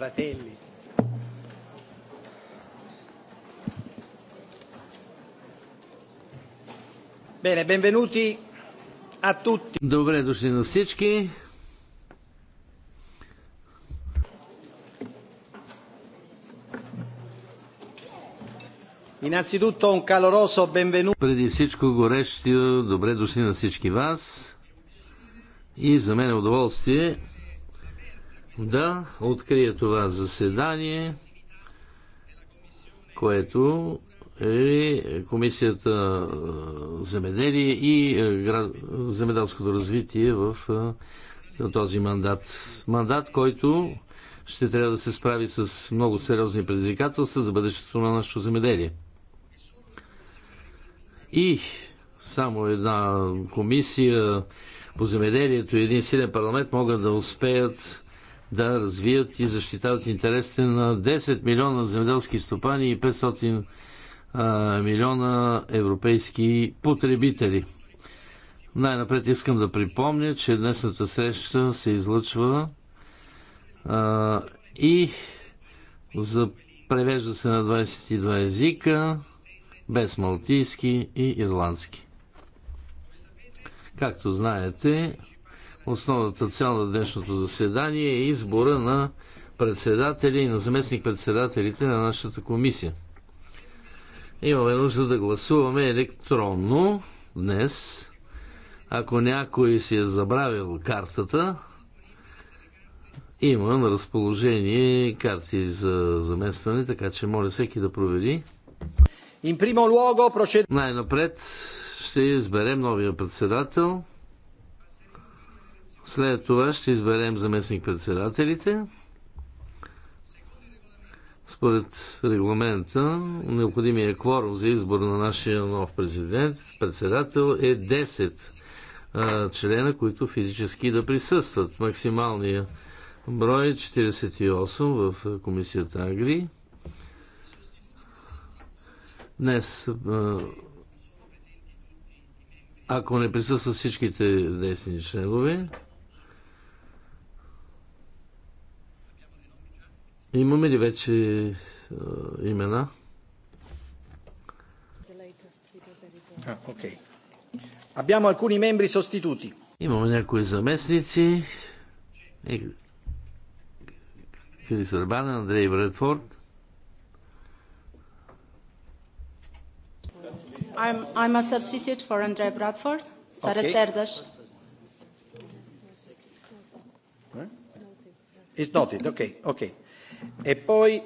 fratelli. Bene, benvenuti a tutti. Добре дошли на всички. Innanzitutto un caloroso benvenuto. Преди всичко горещо, добре дошли на всички вас. И за мен е удоволствие да открия това заседание, което е Комисията земеделие и град... земеделското развитие в този мандат. Мандат, който ще трябва да се справи с много сериозни предизвикателства за бъдещето на нашето земеделие. И само една комисия по земеделието и един силен парламент могат да успеят да развият и защитават интересите на 10 милиона земеделски стопани и 500 милиона европейски потребители. Най-напред искам да припомня, че днесната среща се излъчва а, и за, превежда се на 22 езика, без малтийски и ирландски. Както знаете, Основната цяло на днешното заседание е избора на председателя и на заместник-председателите на нашата комисия. Имаме нужда да гласуваме електронно днес. Ако някой си е забравил картата, има на разположение карти за заместване, така че моля всеки да провери. Най-напред ще изберем новия председател – след това ще изберем заместник-председателите. Според регламента, необходимия кворум за избор на нашия нов президент, председател е 10 члена, които физически да присъстват. Максималния брой е 48 в комисията Агри. Днес, ако не присъстват всичките десни членове, Имаме ли вече а, имена? А, okay. Abbiamo alcuni membri sostituti. Имаме някои заместници. Е, Крис Рабанен, Андрей Бредфорд. I'm, I'm a substitute for Andrea Bradford. Sara okay. Serdas. It's noted. Okay, okay. E poi...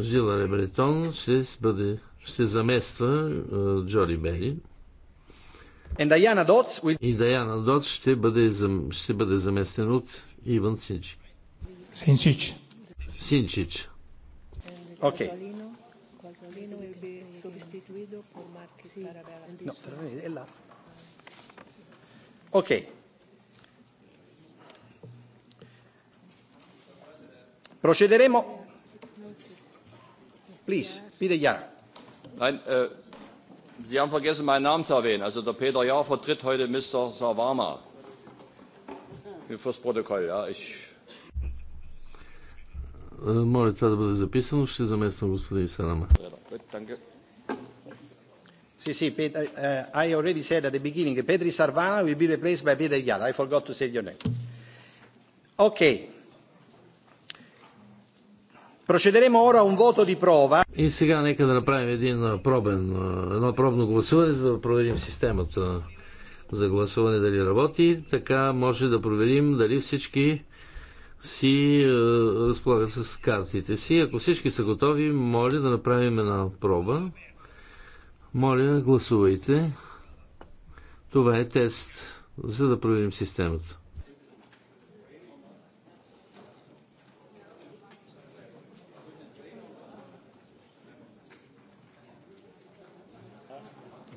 Жила Ребретон ще, бъде, ще замества uh, Джоли Бери. Will... И Даяна Дотс ще бъде, зам... ще бъде заместен от Иван Синчи. Синчич. Синчич. Окей. Okay. Окей. E okay. Procederemo. Please, Peter ja. Nein, äh, Sie haben vergessen, meinen Namen zu erwähnen. Also der Peter Jahr vertritt heute Mr. Savama. Fürs Protokoll, ja. Ich моля това да бъде записано. Ще замествам господин Салама. Sì, sì, Peter, I already said at the beginning, Petri Sarvana will be replaced by Peter Yara. I forgot to say your name. Okay. И сега нека да направим един пробен, едно пробно гласуване, за да проверим системата за гласуване дали работи. Така може да проверим дали всички си е, разполагат с картите си. Ако всички са готови, моля да направим една проба. Моля, гласувайте. Това е тест, за да проверим системата.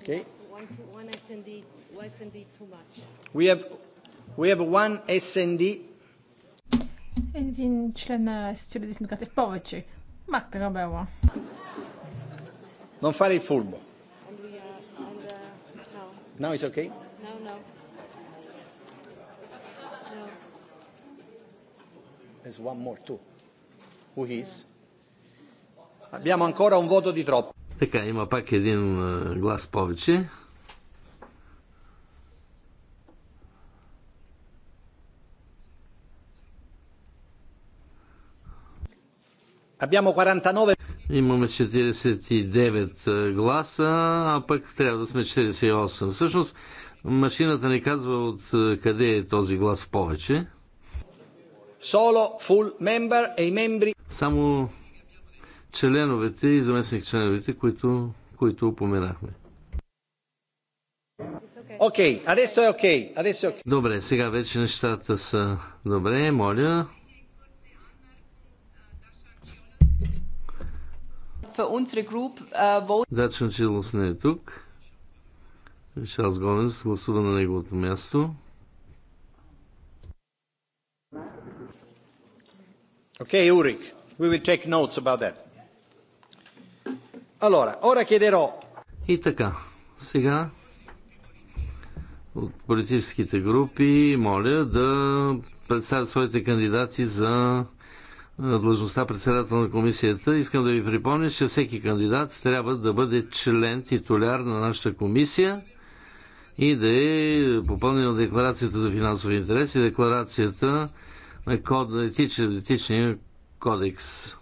Okay. One, SND, one SND too much. We have, we have one SND. Един член на Сицилия Демократи в повече. Мак Тарабела. Non fare il furbo. Now it's okay? No, no. No. There's one more too. Who is? Abbiamo ancora un voto di troppo. Така, има пак един глас повече. Имаме 49 гласа, а пък трябва да сме 48. Всъщност, машината не казва от къде е този глас повече. E Само членовете и заместник членовете, които, които упоменахме. Окей, а è okay, Добре, сега вече нещата са добре, моля. Uh, Дачан Чилос не е тук. Шарлз Гомес гласува на неговото място. Окей, okay, Урик, we will take notes about that. Allora, ora chiederò... И така, сега от политическите групи моля да представят своите кандидати за длъжността председател на комисията. Искам да ви припомня, че всеки кандидат трябва да бъде член, титуляр на нашата комисия и да е попълнил декларацията за финансови интереси, декларацията на код, етичния кодекс.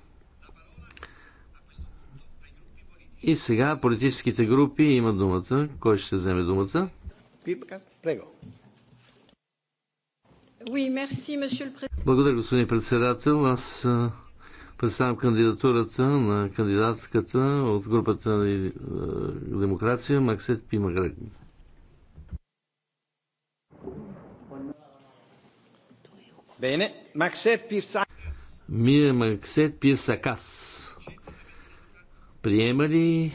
И сега политическите групи имат думата. Кой ще вземе думата? Благодаря, господин председател. Аз представям кандидатурата на кандидатката от групата на Демокрация Максет Пима Bene, Maxet Мие Максет Пирсакас. Приема ли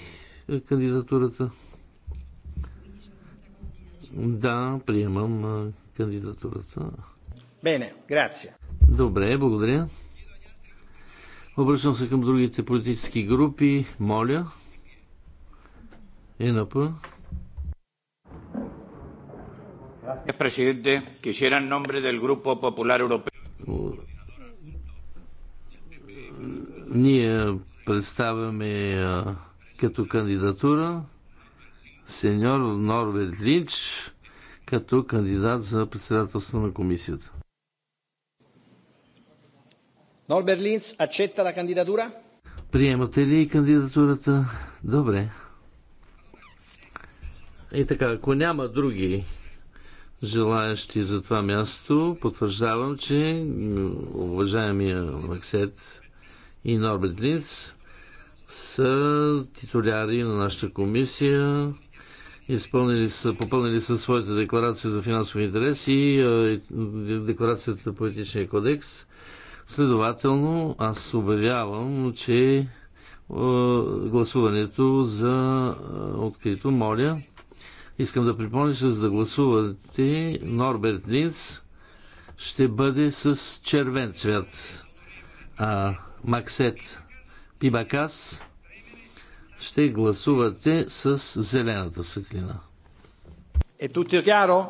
е, кандидатурата? Да, приемам е, кандидатурата. Бене, грация. Добре, благодаря. Обръщам се към другите политически групи. Моля. Е, ЕНП. Presidente, quisiera en nombre del Ние представяме като кандидатура сеньор Норберт Линч като кандидат за председателство на комисията. Норберт Линч, акцепта ла кандидатура? Приемате ли кандидатурата? Добре. И така, ако няма други желаящи за това място, потвърждавам, че уважаемия Максет и Норберт Линц са титуляри на нашата комисия, изпълнили са, попълнили са своите декларации за финансови интереси и декларацията по етичния кодекс. Следователно, аз обявявам, че гласуването за открито, моля. Искам да припомня, че за да гласувате, Норберт Линц ще бъде с червен цвят. А Максет Пибакас ще гласувате с зелената светлина. Е tutto chiaro?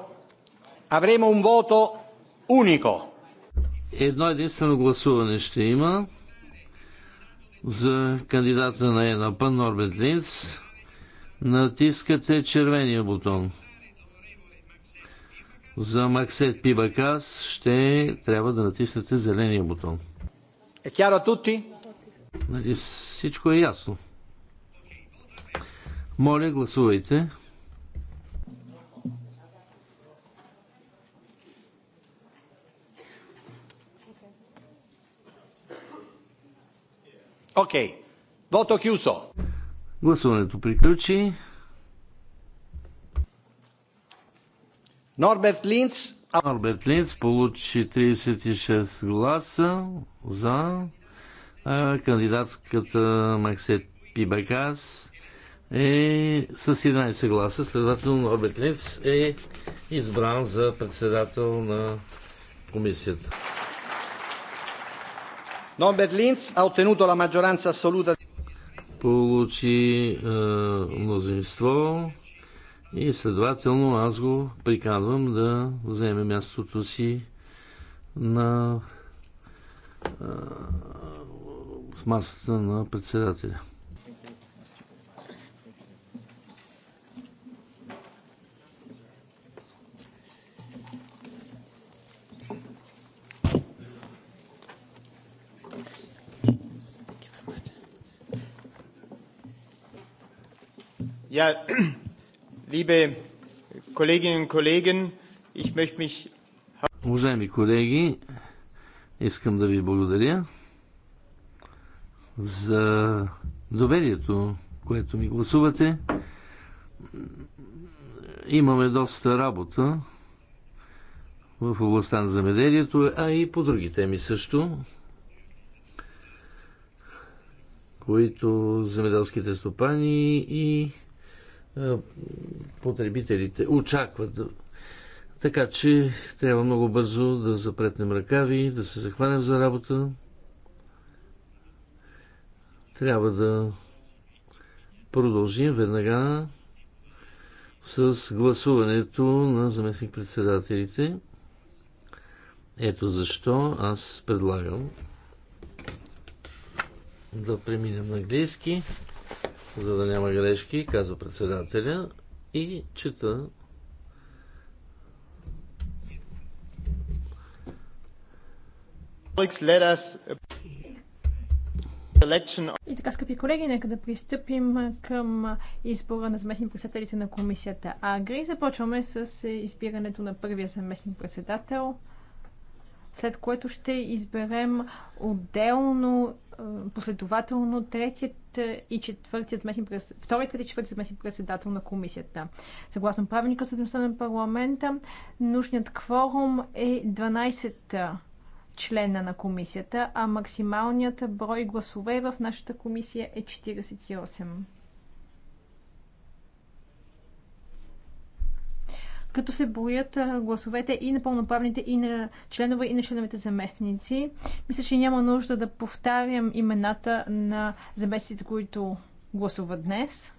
Avremo un вото унико. Едно единствено гласуване ще има за кандидата на ЕНАП Норбет Линц. Натискате червения бутон. За Максет Пибакас ще трябва да натиснете зеления бутон. Е chiaro a Нали всичко е ясно. Моля, гласувайте. Окей. Okay. Вото кюсо. Гласуването приключи. Норберт Линц. Норберт Линц получи 36 гласа за кандидатската Максет Пибакас е с 11 гласа. Следователно Норбет Линц е избран за председател на комисията. Норбет Линц е отенуто la мажоранца assoluta. Получи е, мнозинство и следователно аз го приканвам да вземе мястото си на е, в масата на председателя. Ja, liebe Kolleginnen und Kollegen, ich möchte mich. Уважаеми колеги, искам да ви благодаря за доверието, което ми гласувате. Имаме доста работа в областта на замеделието, а и по други теми също, които земеделските стопани и потребителите очакват. Така че трябва много бързо да запретнем ръкави, да се захванем за работа. Трябва да продължим веднага с гласуването на заместник-председателите. Ето защо аз предлагам да преминем на английски, за да няма грешки, казва председателя и чета Let us и така, скъпи колеги, нека да пристъпим към избора на заместни председателите на комисията АГРИ. Започваме с избирането на първия заместни председател, след което ще изберем отделно, е, последователно третият и четвъртият заместни вторият и четвъртият заместни председател на комисията. Съгласно правилника съдността на парламента, нужният кворум е 12 члена на комисията, а максималният брой гласове в нашата комисия е 48. като се броят гласовете и на пълноправните, и на членове, и на членовете заместници. Мисля, че няма нужда да повтарям имената на заместниците, които гласуват днес.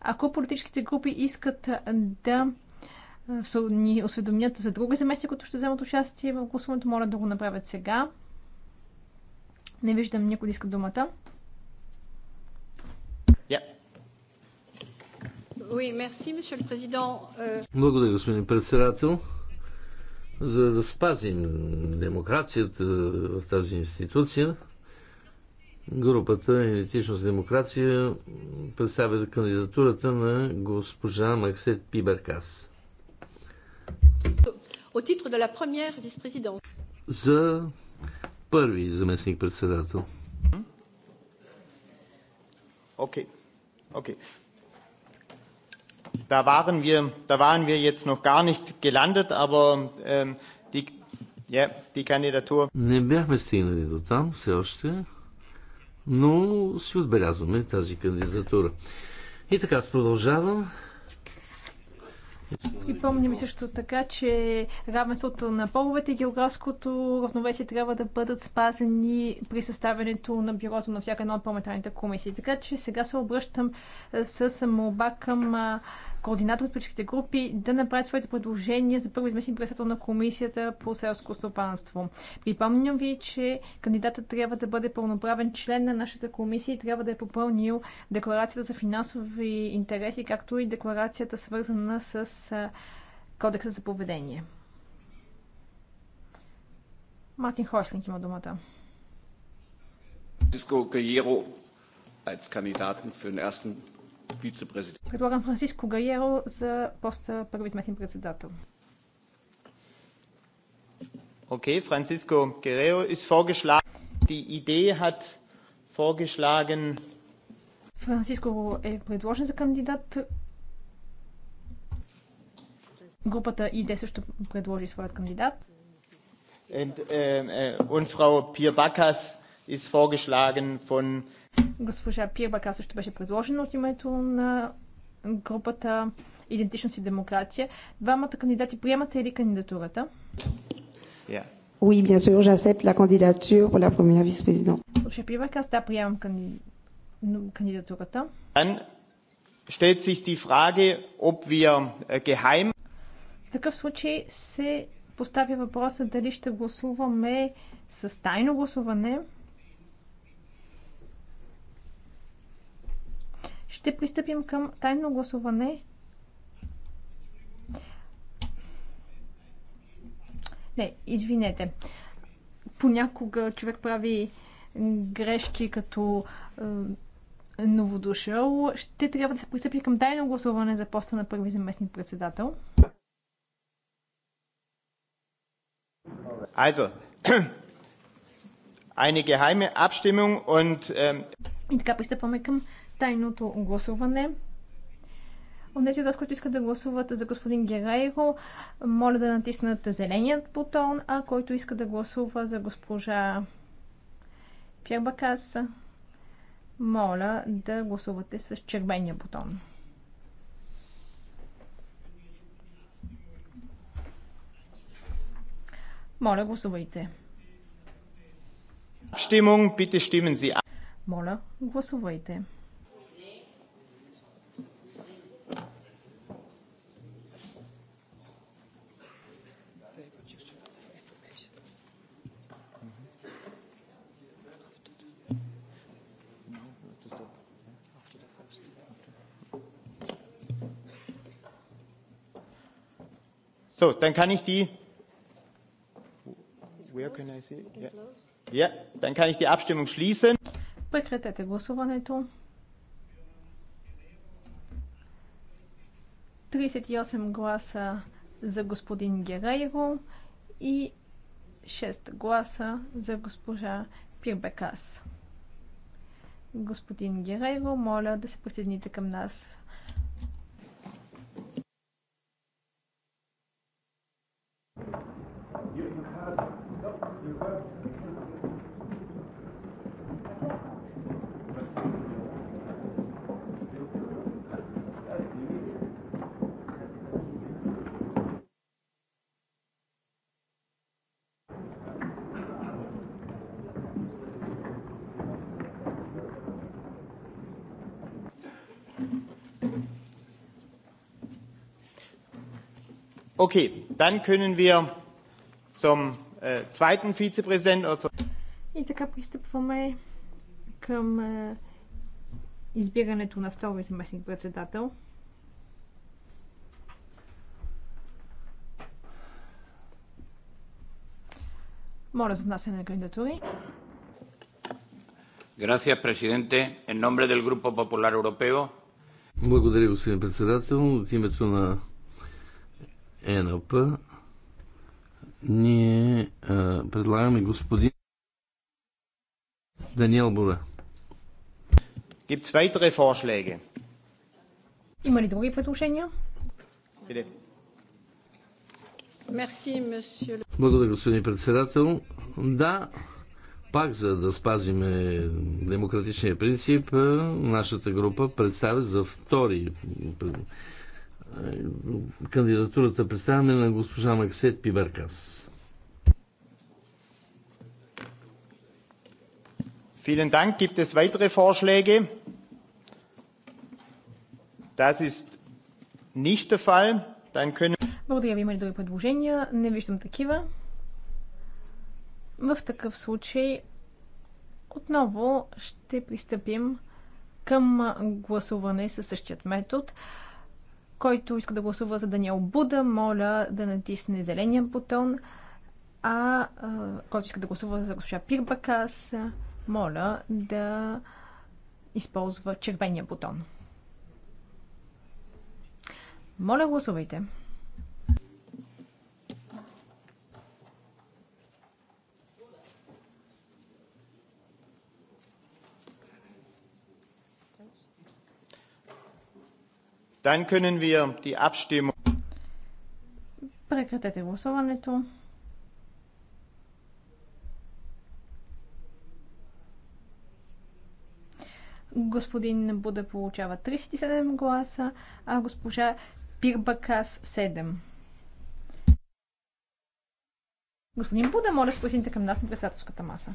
Ако политическите групи искат да ни осведомят за други заместия, които ще вземат участие в гласуването, моля да го направят сега. Не виждам никой да иска думата. Euh, Благодаря, господин председател. За да спазим демокрацията в тази институция, групата Енетичност демокрация представя кандидатурата на госпожа Максет Пиберкас au titre de la première vice-présidence. За първи заместник-председател. Окей. Okay. Okay. Da waren wir, da waren wir jetzt noch gar nicht gelandet, aber ähm, die, yeah, die Kandidatur. Не бяхме стигнали до там все още, но си отбелязваме тази кандидатура. И така, продължавам. И помним също така, че равенството на половете и географското равновесие трябва да бъдат спазени при съставянето на бюрото на всяка една от парламентарните комисии. Така че сега се обръщам с молба към координатор от политическите групи да направят своите предложения за първо изместен председател на комисията по селско стопанство. Припомням ви, че кандидатът трябва да бъде пълноправен член на нашата комисия и трябва да е попълнил декларацията за финансови интереси, както и декларацията свързана с с кодекса за поведение. Мартин Хойслинг има думата. Предлагам Франциско Гайеро за поста първи заместник председател. Okay, Francisco Guerrero ist vorgeschlagen. Die Idee hat vorgeschlagen. Франциско е предложен за кандидат. Групата ИД също предложи своят кандидат. Е, е, Госпожа Пир Бака също беше предложена от името на групата Идентичност и демокрация. Двамата кандидати приемате ли кандидатурата? Yeah. Oui, bien sûr, j'accepte la candidature pour la première vice-présidente. да, приемам кандидатурата. Dann stellt sich die Frage, ob wir äh, geheim такъв случай се поставя въпроса дали ще гласуваме с тайно гласуване. Ще пристъпим към тайно гласуване. Не, извинете. Понякога човек прави грешки като е, новодушъл. Ще трябва да се пристъпи към тайно гласуване за поста на първи заместник председател. Also, eine geheime Abstimmung und... Ähm... И така пристъпваме към тайното гласуване. Онези от вас, които искат да гласуват за господин Герейро, моля да натиснат зеленият бутон, а който иска да гласува за госпожа Пьербакас, моля да гласувате с червения бутон. Моля, гласувайте. Stimmung, bitte stimmen Sie Моля, гласувайте. So, dann kann ich die Прекратете гласуването. 38 гласа за господин Герейро и 6 гласа за госпожа Пирбекас. Господин Герейро, моля да се присъедините към нас Okay, dann können wir zum äh, zweiten Vizepräsidenten. Oder zum И така пристъпваме към е, избирането на втори заместник председател. Моля за внасяне на кандидатури. Gracias, presidente. En nombre del Grupo Popular Europeo. Благодаря, господин председател. От името на е, НЛП. ние а, предлагаме господин Даниел Бура. Gibt's weitere Vorschläge? Има ли други предложения? Благодаря, господин председател. Да, пак за да спазиме демократичния принцип, нашата група представя за втори кандидатурата представяме на госпожа Максет Пибаркас. Vielen Dank. Gibt es weitere Vorschläge? Das ist nicht der Fall. Dann können Благодаря ви. Има ли други предложения? Не виждам такива. В такъв случай отново ще пристъпим към гласуване със същият метод. Който иска да гласува за Даниел Буда, моля да натисне зеления бутон. А, който иска да гласува за госпожа Пирбакас, моля да използва червения бутон. Моля, гласувайте. Dann können wir die Abstimmung. Прекратете гласуването. Господин Буда получава 37 гласа, а госпожа Пирбакас 7. Господин Буда, моля, спасните към нас на председателската маса.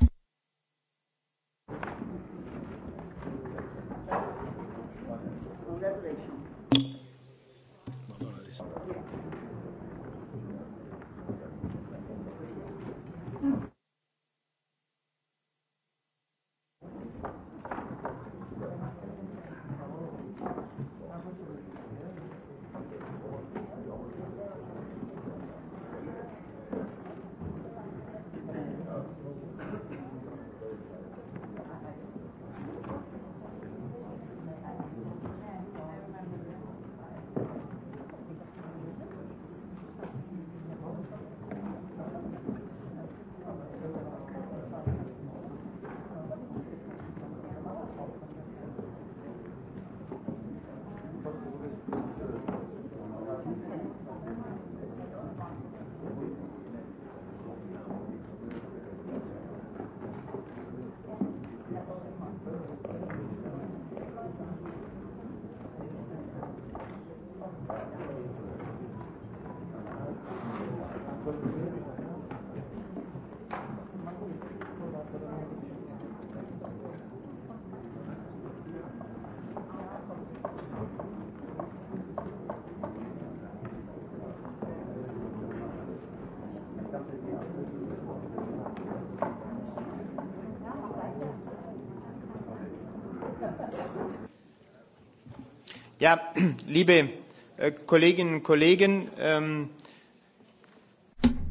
Ja, liebe äh, Kolleginnen und Kollegen, ähm...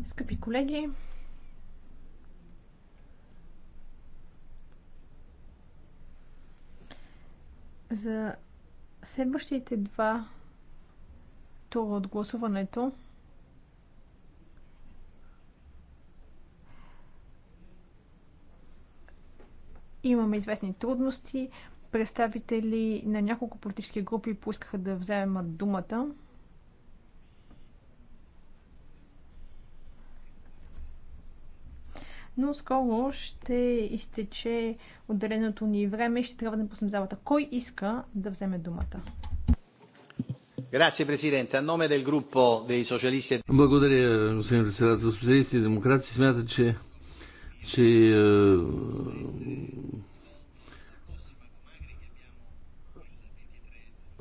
Скъпи колеги, за следващите два тура от гласуването имаме известни трудности представители на няколко политически групи поискаха да вземат думата. но скоро ще изтече отделеното ни време и ще трябва да напуснем залата. Кой иска да вземе думата? E- Благодаря, господин председател. Социалисти и демократи смятат, че, че е,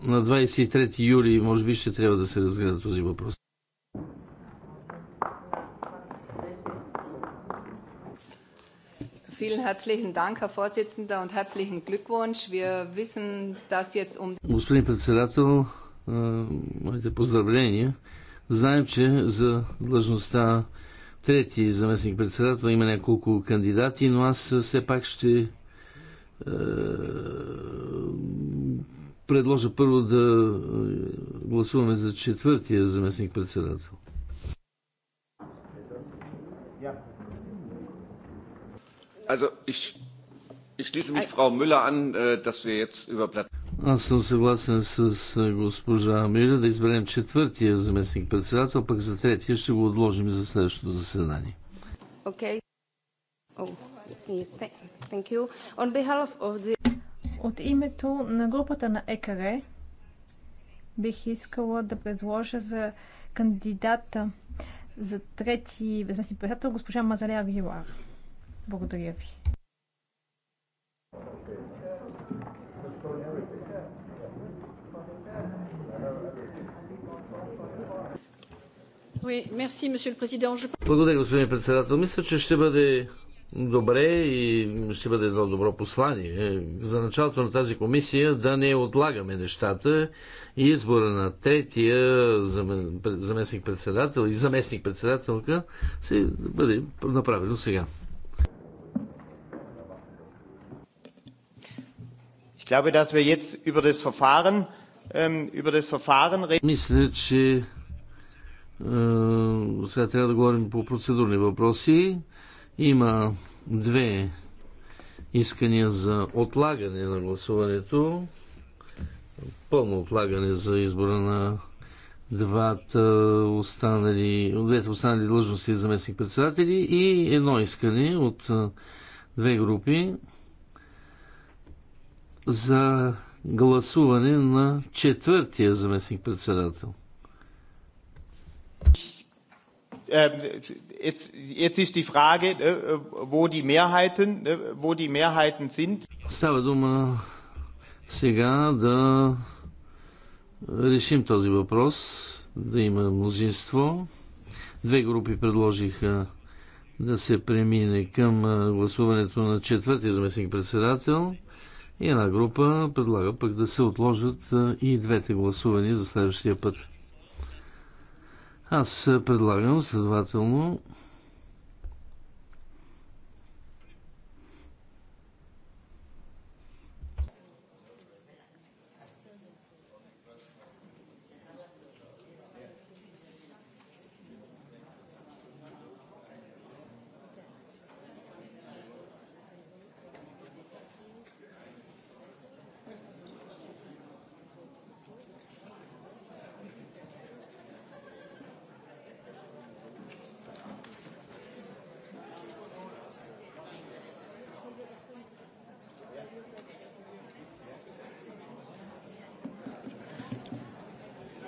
на 23 юли може би ще трябва да се разгледа този въпрос. Vielen herzlichen Dank, Herr Vorsitzender, und herzlichen Glückwunsch. Wir wissen, dass jetzt um... Господин председател, моите поздравления. Знаем, че за длъжността трети заместник председател има няколко кандидати, но аз все пак ще предложа първо да е, гласуваме за четвъртия заместник председател. Also ich, ich schließe mich Frau Müller an, äh, dass wir jetzt über Platz. Аз съм съгласен с е, госпожа Миля да изберем четвъртия заместник председател, пък за третия ще го отложим за следващото заседание. Okay. Oh, it's me. Thank you. On behalf of the от името на групата на ЕКР бих искала да предложа за кандидата за трети безместни председател госпожа Мазаля Вилар. Благодаря ви. Благодаря, господин председател. Мисля, че ще бъде добре и ще бъде едно добро послание за началото на тази комисия да не отлагаме нещата и избора на третия заместник председател и заместник председателка се да бъде направено сега. Ähm, Мисля, че е, сега трябва да говорим по процедурни въпроси. Има две искания за отлагане на гласуването. Пълно отлагане за избора на двата останали, двете останали длъжности местни председатели и едно искане от две групи за гласуване на четвъртия заместник председател. Ähm, jetzt, jetzt ist die Frage, äh, wo die Mehrheiten, wo die Mehrheiten sind. Става дума сега да решим този въпрос, да има мнозинство. Две групи предложиха да се премине към гласуването на четвъртия заместник председател и една група предлага пък да се отложат и двете гласувания за следващия път. Аз предлагам следователно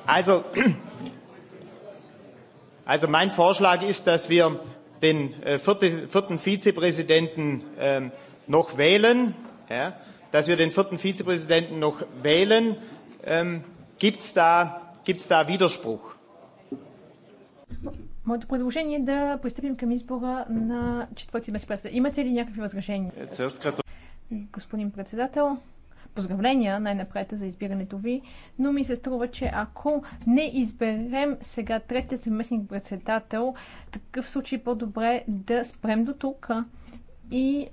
Also, also mein Vorschlag ist, dass wir den vierten Vizepräsidenten noch wählen, ja, dass wir den vierten Vizepräsidenten noch wählen. Gibt es da, gibt's da Widerspruch? Моето предложение е да пристъпим към избора на четвърти безпредседател. Имате ли някакви възражения? Господин председател, Поздравления най-напред за избирането ви, но ми се струва, че ако не изберем сега третия съместник председател, такъв случай по-добре да спрем до тук и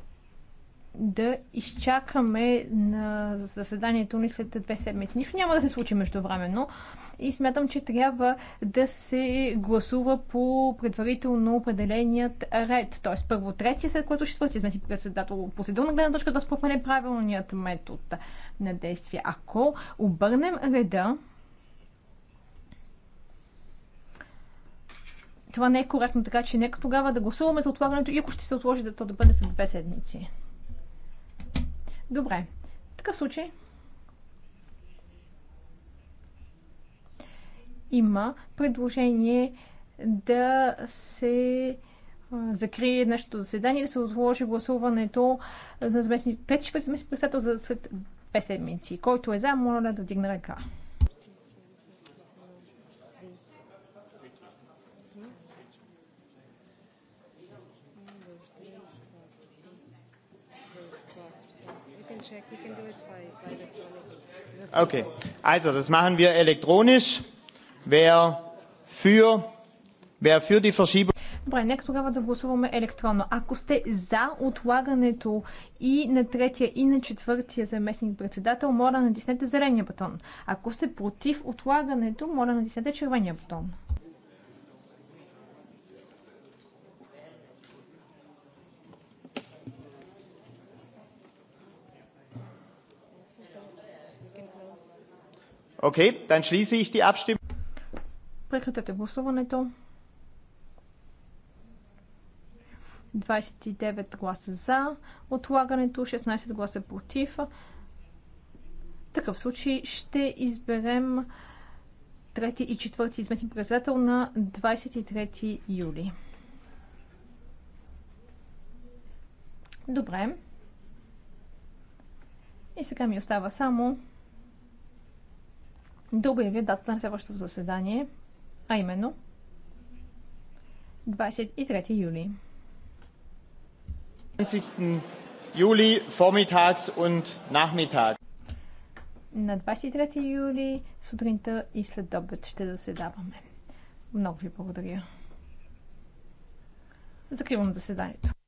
да изчакаме на заседанието ни след две седмици. Нищо няма да се случи междувременно и смятам, че трябва да се гласува по предварително определеният ред. Т.е. първо трети, след което четвърти смеси председател. Процедурна гледна точка това според мен е правилният метод на действие. Ако обърнем реда, това не е коректно, така че нека тогава да гласуваме за отлагането и ако ще се отложи да то да бъде за две седмици. Добре. В такъв случай има предложение да се закрие днешното заседание, да се отложи гласуването на заместни... трети, четвърти заместни председател за след две седмици. Който е за, моля да вдигне ръка. Okay, also das machen wir elektronisch. Wer für, wer für die Verschiebung. Добре, нека тогава да гласуваме електронно. Ако сте за отлагането и на третия, и на четвъртия заместник председател, моля да натиснете зеления бутон. Ако сте против отлагането, моля да натиснете червения бутон. Okay, dann schließe ich die Abstimmung. Прекратете гласуването. 29 гласа за отлагането, 16 гласа против. В такъв случай ще изберем трети и четвърти изметни председател на 23 юли. Добре. И сега ми остава само да обявя датата на следващото заседание, а именно 23 юли. 20 юли, vormittags и nachmittags. На 23 юли сутринта и след обед ще заседаваме. Много ви благодаря. Закривам заседанието.